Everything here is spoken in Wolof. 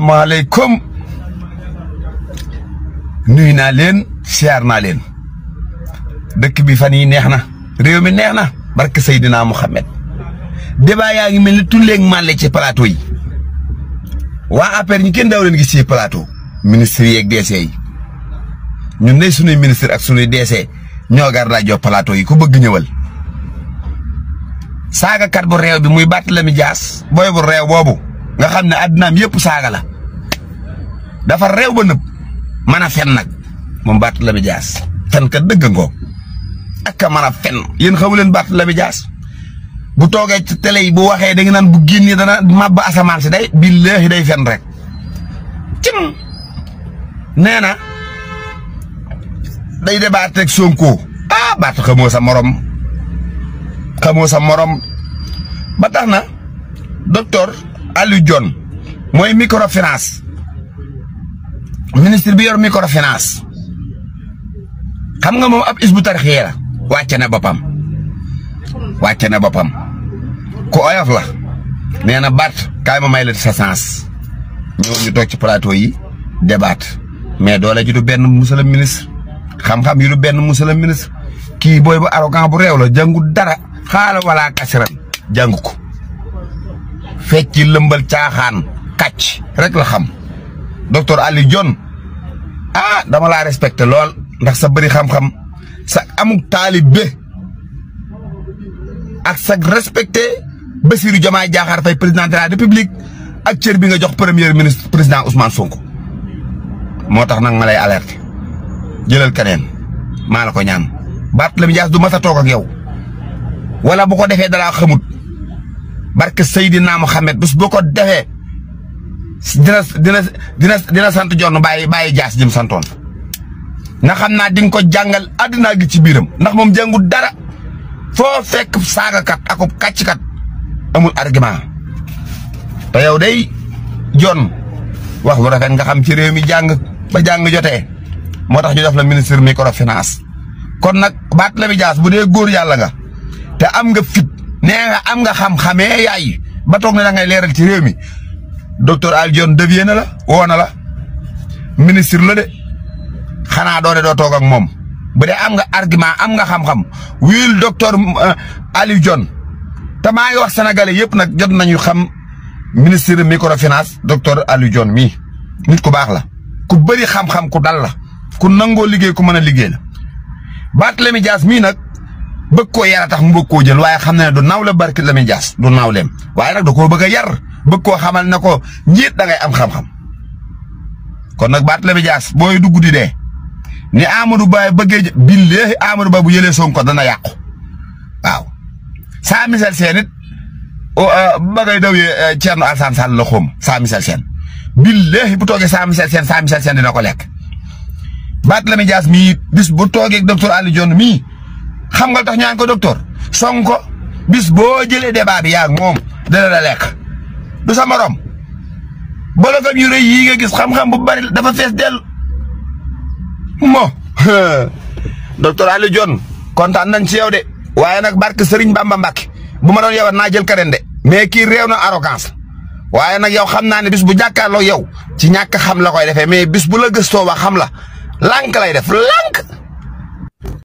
maaleykum nuyu naa leen siyaar naa leen dëkk bi fan yi neex na réew mi neex na barke Seydina Mohamed débat yaa ngi mel ni tulleeg màlle ci plateau yi waa APR ñu kenn daaw leen gis ci ministre ministre yeeg DC yi ñun day sunuy ministre ak sunuy DC ñoo gar daa jox yi ku bëgg ñëwal saagakat bu réew bi muy Barthélémy Dias booy bu réew boobu nga xam ne àddinaam yëpp saaga la dafa réew ba nëb mën a fen nag moom Barthélémy Dias fen ka dëgg ngoo ak ka a fen yéen xamu leen Barthélémy jaas bu toogee ci télé yi bu waxee da nga naan bu génnee dana mabba asamaan si day billaahi day fen rek cim nee na day débatté ak Sonko ah baatu xamoo sa morom xamoo sa morom ba tax na docteur Aliou mui moy microfinance ministre bi yor microfinance xam nga mom ab is bu tarixee la wàcce na bopam wacce na bopam ku oyof la neena bat kay ma may la sa sens ñoo ñu tok ci plateau yi débat mais doole ji du ben monsieur ministre xam-xam yu du ben monsieur ministre ki boy bu arrogant bu rew la dara xala wala kasiran fecci lembel tiaxan katch rek la xam docteur ali john ah dama la respecté lol ndax sa bëri xam-xam sa amuk be ak sa respecté Bassirou jamaa jaxar Faye president de la république ak cieur bi nga jox premier ministre président Ousmane Sonko motax nak malay alerte jeulal kenen malako keneen maa la ko ñaan Barthélémy Dias du massa tok ak yow wala bu ko defé dara xamut barke sayidina muhammad bus boko defé dina dina dina dina sant jonn baye bàyyi jaas jëm na xamna ding di ko jangal adina gi ci biram ndax mom jàngul dara foo fekk akop katch kat amul argument ta yow day jonne wax lu rafet nga xam ci réew mi jang ba jang joté motax ñu def la ministre microfinance kon nak bat la bi jass bu dee góor nga te am nga fit nee am nga xam-xamee yaay ba toog na da ngay leeral ci réew mi docteur Aldione devier na la woo la ministre la de xanaa doone doo toog ak moom bu dee am nga argument am nga xam-xam wiil docteur euh, Aliou Dione te maa ngi wax yëpp nag jot nañu xam ministre microfinance docteur Aliou Dione mii nit ku baax la ku bëri xam-xam ku dal la ku nangoo liggéey ku mën a liggéey la Barthélémy Dias mii nag bëgg koo yar a tax mu bëgg waaye xam na ne du naaw la la muy jaas du naawleem waaye nag da koo bëgg a yar bëgg koo xamal na ko njiit da am xam-xam kon nag baat la muy booy dugg di dee ni Amadou Ba bëggee billaahi Amadou Ba bu yëlee Sonko dana yàqu waaw saa misal seen it euh, ba ngay dawee euh, Thierno Alassane la xóom saa misal seen billaahi bu toogee saa misal seen saa misal seen dina ko lekk baat la muy jaas mii bis bu toogee docteur Aliou mii. xam nga tax ñaan ko docteur sonko bis bo jëlee débat bi yaak mom dana la lek du sa morom bolofam yu reuy yi nga gis xam-xam bu bari dafa fess del mo docteur ali john contane nañ ci yow de waye nak barke Serigne Bamba Mbacke bu ma don yow na jël karen de mais ki na arrogance waye nak yow xam naa ne bis bu jàkkaarloo yow ci ñak xam la koy defé mais bis bu la gëstoo ba xam la lank lay def lank